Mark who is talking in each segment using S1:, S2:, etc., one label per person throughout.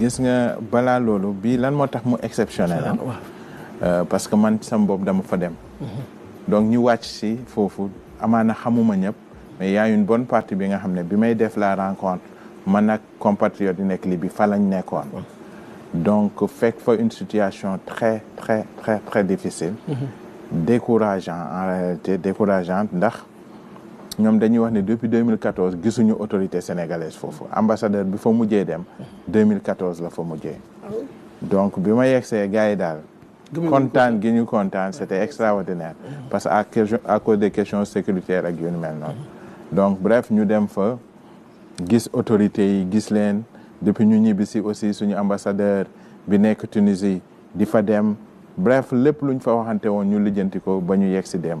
S1: gis nga bala loolu bi lan moo tax mu exceptionnel euh, parce que man sam bob dama fa dem mhm. donc ñu wacc ci fofu amana xamuma ñep mais y a une bonne partie bi nga xam bi may def la rencontre man ak compatriotes yi nekk li bi fa lañ nekkoon donc fek fa une situation très très très très difficile mhm. décourageant en réalité décourageante ndax ñom dañuy wax ni depuis 2014 gisuñu autorité sénégalaise fofu ambassadeur bi fa mujjé dem 2014 la fa mujjé ah donc bima ma yegsee gars Content, daal content, c'était extraordinaire parce à à cause des questions sécuritaires ak yu mel non donc bref ñu dem fa gis autorités yi gis leen depuis ñu ñibbisi aussi suñu ambassadeur bi nek Tunisie di fa dem bref lepp luñ fa waxanté won ñu lijjanti ko ba ñu yegg si dem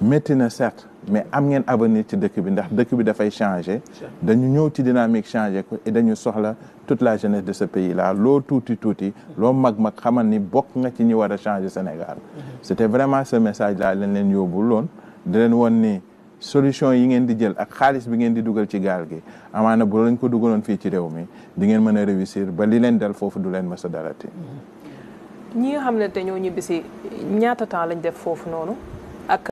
S1: métti na certes mais am ngeen avenir ci dëkk bi ndax dëkk bi dafay changer dañu ñëw ci dynamique changer ko et dañu soxla toute la jeunesse de ce pays là loo tuuti tuuti loo mag-mag xamal ni bokk nga ci ñi war a changer Sénégal c'était vraiment ce message là lañ leen yóbbu loon di leen woon ni solution yi ngeen di jël ak xaalis bi ngeen di dugal ci gaal gi amaana bu lañ ko dugaloon fii ci réew mi di ngeen mën a réussir ba li leen dal foofu du leen mës a dalati ñi nga xam ne te ñoo ñibbisi ñaata temps lañ def foofu noonu